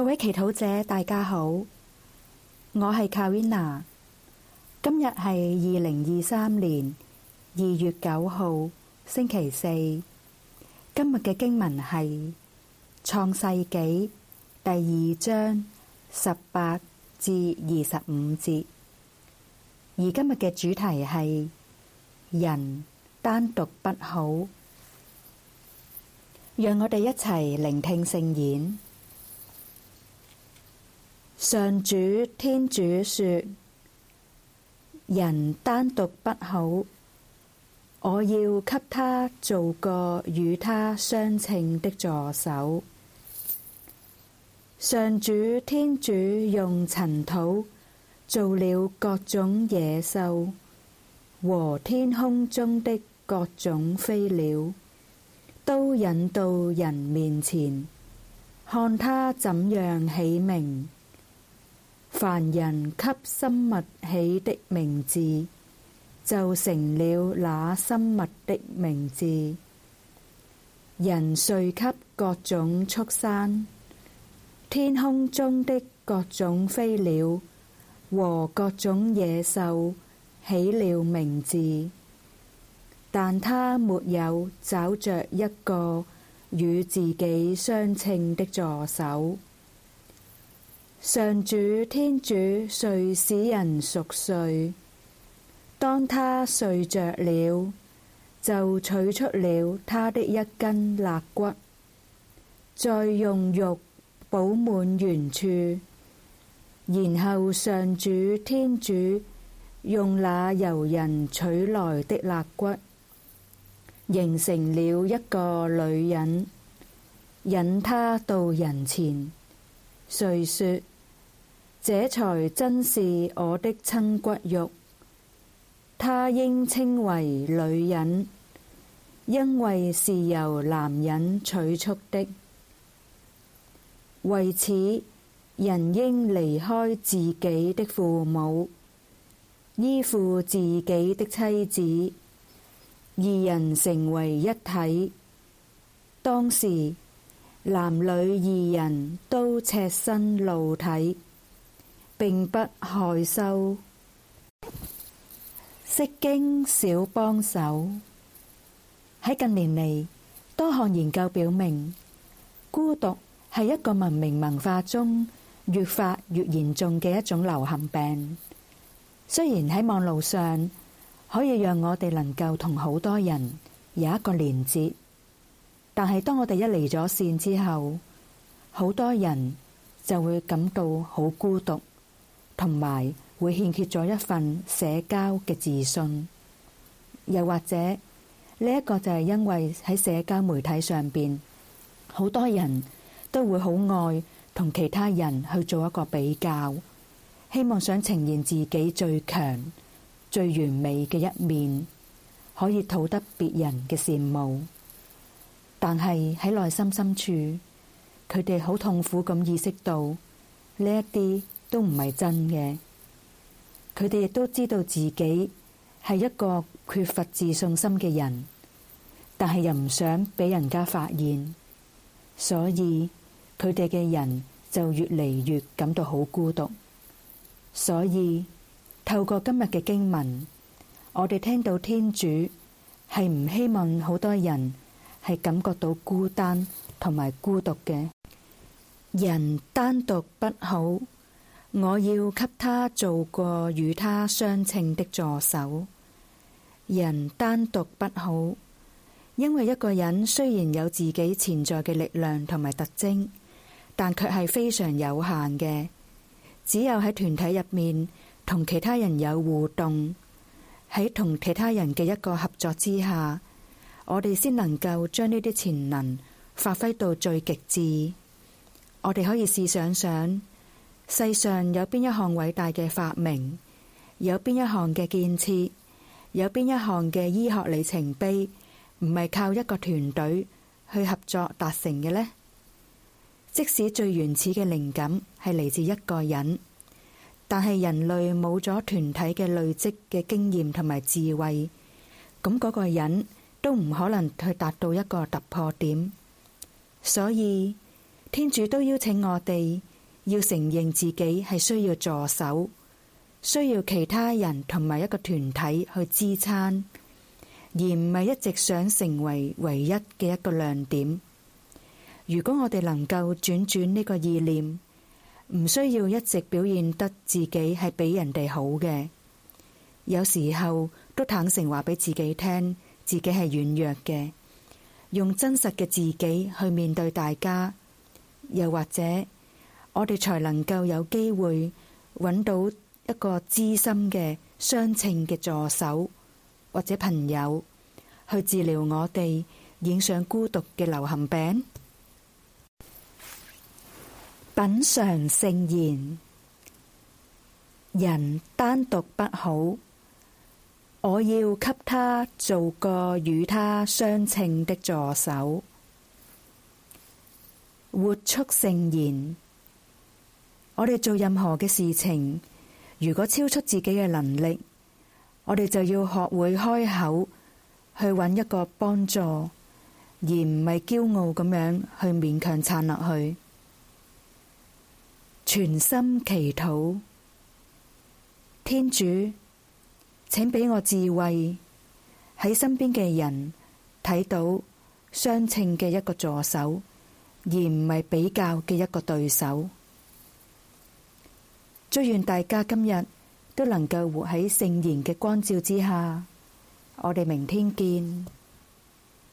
各位祈禱者，大家好，我係 Carina。今日係二零二三年二月九號星期四。今日嘅經文係創世紀第二章十八至二十五節，而今日嘅主題係人單獨不好。讓我哋一齊聆聽聖言。上主天主說：人單獨不好，我要給他造個與他相稱的助手。上主天主用塵土造了各種野獸和天空中的各種飛鳥，都引到人面前，看他怎樣起名。凡人給生物起的名字，就成了那生物的名字。人遂給各種畜牲、天空中的各種飛鳥和各種野獸起了名字，但他沒有找著一個與自己相稱的助手。上主天主遂使人熟睡，當他睡着了，就取出了他的一根肋骨，再用肉補滿原處，然後上主天主用那由人取來的肋骨，形成了一個女人，引她到人前，遂說。這才真是我的親骨肉，她應稱為女人，因為是由男人取出的。為此，人應離開自己的父母，依附自己的妻子，二人成為一體。當時，男女二人都赤身露體，並不害羞，釋經小幫手。喺近年嚟，多項研究表明，孤獨係一個文明文化中越發越嚴重嘅一種流行病。雖然喺網路上可以讓我哋能夠同好多人有一個連接，但係當我哋一離咗線之後，好多人就會感到好孤獨。同埋會欠缺咗一份社交嘅自信，又或者呢一個就係因為喺社交媒體上邊，好多人都會好愛同其他人去做一個比較，希望想呈現自己最強、最完美嘅一面，可以討得別人嘅羨慕。但係喺內心深處，佢哋好痛苦咁意識到呢一啲，都唔係真嘅，佢哋亦都知道自己係一個缺乏自信心嘅人，但係又唔想俾人家發現，所以佢哋嘅人就越嚟越感到好孤獨。所以透過今日嘅經文，我哋聽到天主係唔希望好多人係感覺到孤單同埋孤獨嘅。人單獨不好。我要給他做個與他相稱的助手。人單獨不好，因為一個人雖然有自己潛在嘅力量同埋特徵，但卻係非常有限嘅。只有喺團體入面，同其他人有互動，喺同其他人嘅一個合作之下，我哋先能夠將呢啲潛能發揮到最極致。我哋可以試想想。世上有邊一項偉大嘅發明，有邊一項嘅建設，有邊一項嘅醫學里程碑，唔係靠一個團隊去合作達成嘅呢？即使最原始嘅靈感係嚟自一個人，但係人類冇咗團體嘅累積嘅經驗同埋智慧，咁嗰個人都唔可能去達到一個突破點。所以天主都邀請我哋。要承認自己係需要助手，需要其他人同埋一個團體去支撐，而唔係一直想成為唯一嘅一個亮點。如果我哋能夠轉轉呢個意念，唔需要一直表現得自己係比人哋好嘅，有時候都坦誠話俾自己聽，自己係軟弱嘅，用真實嘅自己去面對大家，又或者，我哋才能夠有機會揾到一個知心嘅相稱嘅助手或者朋友去治療我哋染上孤獨嘅流行病。品嚐聖言，人單獨不好，我要給他造個與他相稱的助手，活出聖言。我哋做任何嘅事情，如果超出自己嘅能力，我哋就要學會開口去揾一個幫助，而唔係驕傲咁樣去勉強撐落去。全心祈禱，天主，請俾我智慧，喺身邊嘅人睇到相稱嘅一個助手，而唔係比較嘅一個對手。祝願大家今日都能夠活喺聖言嘅光照之下，我哋明天見。